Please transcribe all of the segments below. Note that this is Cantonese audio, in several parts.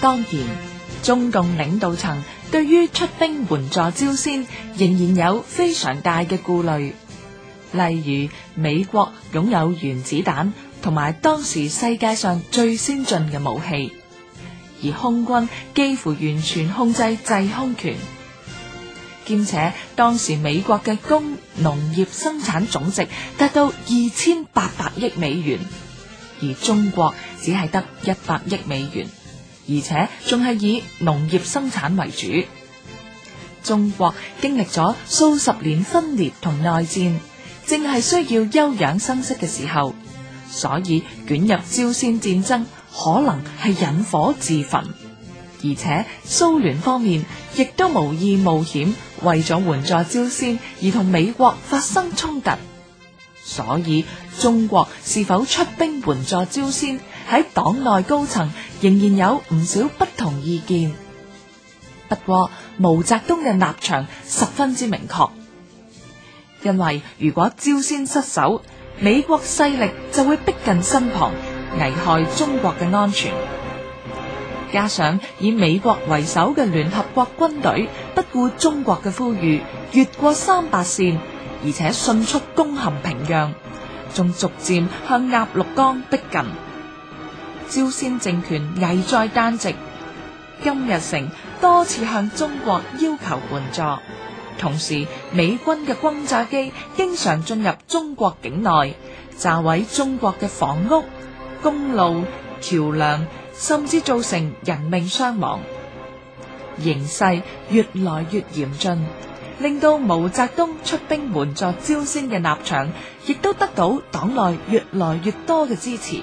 當然，中共領導層對於出兵援助朝鮮仍然有非常大嘅顧慮。例如，美國擁有原子彈同埋當時世界上最先進嘅武器，而空軍幾乎完全控制制空權。兼且當時美國嘅工農業生產總值達到二千八百億美元，而中國只係得一百億美元。而且仲係以農業生產為主。中國經歷咗數十年分裂同內戰，正係需要休養生息嘅時候，所以捲入朝鮮戰爭可能係引火自焚。而且蘇聯方面亦都無意冒險，為咗援助朝鮮而同美國發生衝突。所以中國是否出兵援助朝鮮，喺黨內高層仍然有唔少不同意見。不過毛澤東嘅立場十分之明確，因為如果朝鮮失守，美國勢力就會逼近身旁，危害中國嘅安全。加上以美國為首嘅聯合國軍隊不顧中國嘅呼籲，越過三八線，而且迅速攻陷平壤，仲逐漸向鴨綠江逼近。朝鮮政權危在旦夕，金日成多次向中國要求援助，同時美軍嘅轟炸機經常進入中國境內，炸毀中國嘅房屋、公路、橋梁，甚至造成人命傷亡。形勢越來越嚴峻，令到毛澤東出兵援助朝鮮嘅立場，亦都得到黨內越來越多嘅支持。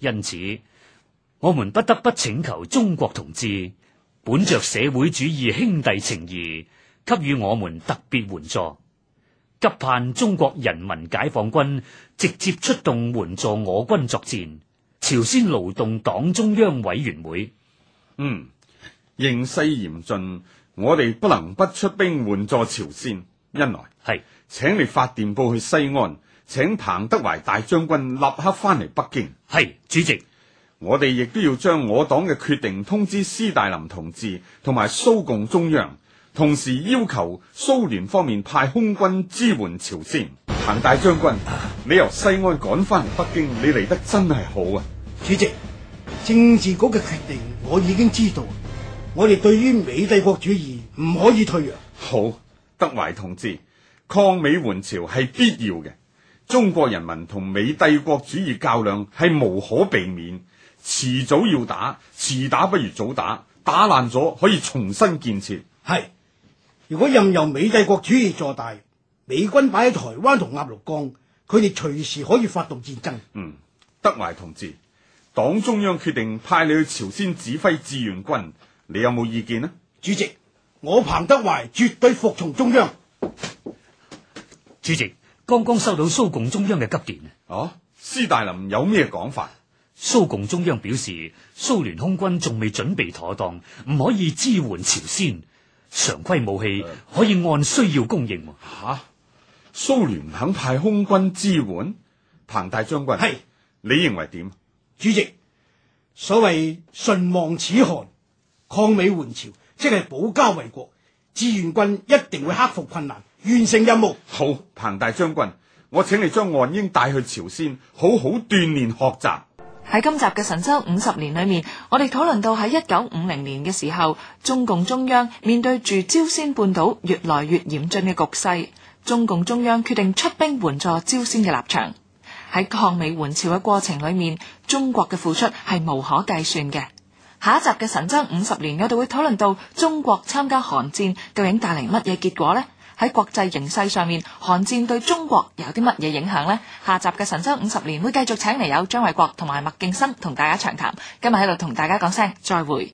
因此，我們不得不請求中國同志，本着社會主義兄弟情誼，給予我們特別援助。急盼中國人民解放軍直接出動援助我軍作戰。朝鮮勞動黨中央委員會，嗯，形勢嚴峻，我哋不能不出兵援助朝鮮。恩來，係是，請你發電報去西安。請彭德懷大將軍立刻翻嚟北京。係主席，我哋亦都要將我黨嘅決定通知斯大林同志同埋蘇共中央，同時要求蘇聯方面派空軍支援朝鮮。彭大將軍，啊、你由西安趕翻嚟北京，你嚟得真係好啊！主席，政治局嘅決定我已經知道，我哋對於美帝國主義唔可以退讓、啊。好，德懷同志，抗美援朝係必要嘅。中國人民同美帝國主義較量係無可避免，遲早要打，遲打不如早打，打爛咗可以重新建設。係，如果任由美帝國主義做大，美軍擺喺台灣同鴨綠江，佢哋隨時可以發動戰爭。嗯，德懷同志，黨中央決定派你去朝鮮指揮志願軍，你有冇意見呢？主席，我彭德懷絕對服從中央。主席。剛剛收到蘇共中央嘅急電啊、哦！斯大林有咩講法？蘇共中央表示，蘇聯空軍仲未準備妥當，唔可以支援朝鮮。常規武器可以按需要供應。吓、啊，蘇聯唔肯派空軍支援彭大將軍，係是你認為點？主席，所謂唇亡齒寒，抗美援朝即係保家衛國，志願軍一定會克服困難。完成任務好，彭大將軍，我請你將岸英帶去朝鮮，好好鍛煉學習。喺今集嘅《神州五十年》裏面，我哋討論到喺一九五零年嘅時候，中共中央面對住朝鮮半島越來越嚴峻嘅局勢，中共中央決定出兵援助朝鮮嘅立場。喺抗美援朝嘅過程裏面，中國嘅付出係無可計算嘅。下一集嘅《神州五十年》，我哋會討論到中國參加韓戰究竟帶嚟乜嘢結果呢？喺國際形勢上面，韓戰對中國有啲乜嘢影響呢？下集嘅神州五十年會繼續請嚟有張衛國同埋麥敬生同大家長談。今日喺度同大家講聲再會。